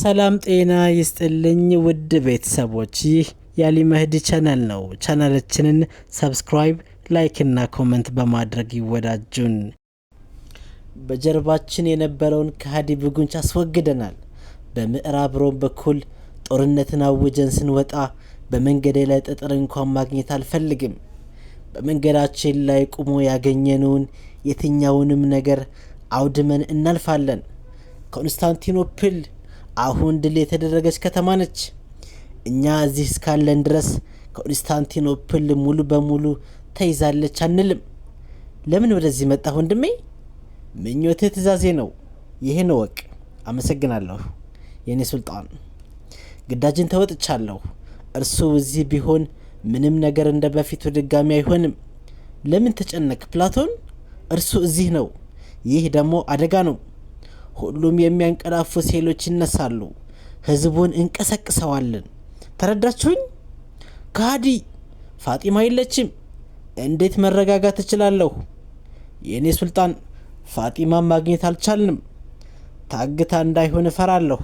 ሰላም ጤና ይስጥልኝ ውድ ቤተሰቦች፣ ይህ የአሊ መህዲ ቻናል ነው። ቻናላችንን ሰብስክራይብ፣ ላይክ እና ኮመንት በማድረግ ይወዳጁን። በጀርባችን የነበረውን ከሃዲ ብጉንች አስወግደናል። በምዕራብ ሮም በኩል ጦርነትን አውጀን ስንወጣ በመንገዴ ላይ ጠጠር እንኳን ማግኘት አልፈልግም። በመንገዳችን ላይ ቁሞ ያገኘነውን የትኛውንም ነገር አውድመን እናልፋለን። ኮንስታንቲኖፕል አሁን ድል የተደረገች ከተማ ነች። እኛ እዚህ እስካለን ድረስ ከኮንስታንቲኖፕል ሙሉ በሙሉ ተይዛለች አንልም። ለምን ወደዚህ መጣ ወንድሜ? ምኞትህ ትእዛዜ ነው፣ ይህን እወቅ። አመሰግናለሁ የእኔ ሱልጣን፣ ግዳጅን ተወጥቻለሁ። እርሱ እዚህ ቢሆን ምንም ነገር እንደ በፊቱ ድጋሚ አይሆንም። ለምን ተጨነቅ ፕላቶን? እርሱ እዚህ ነው። ይህ ደግሞ አደጋ ነው። ሁሉም የሚያንቀላፉ ሴሎች ይነሳሉ። ህዝቡን እንቀሰቅሰዋለን። ተረዳችሁኝ? ከሃዲ ፋጢማ የለችም። እንዴት መረጋጋት እችላለሁ? የእኔ ሱልጣን፣ ፋጢማን ማግኘት አልቻልንም። ታግታ እንዳይሆን እፈራለሁ።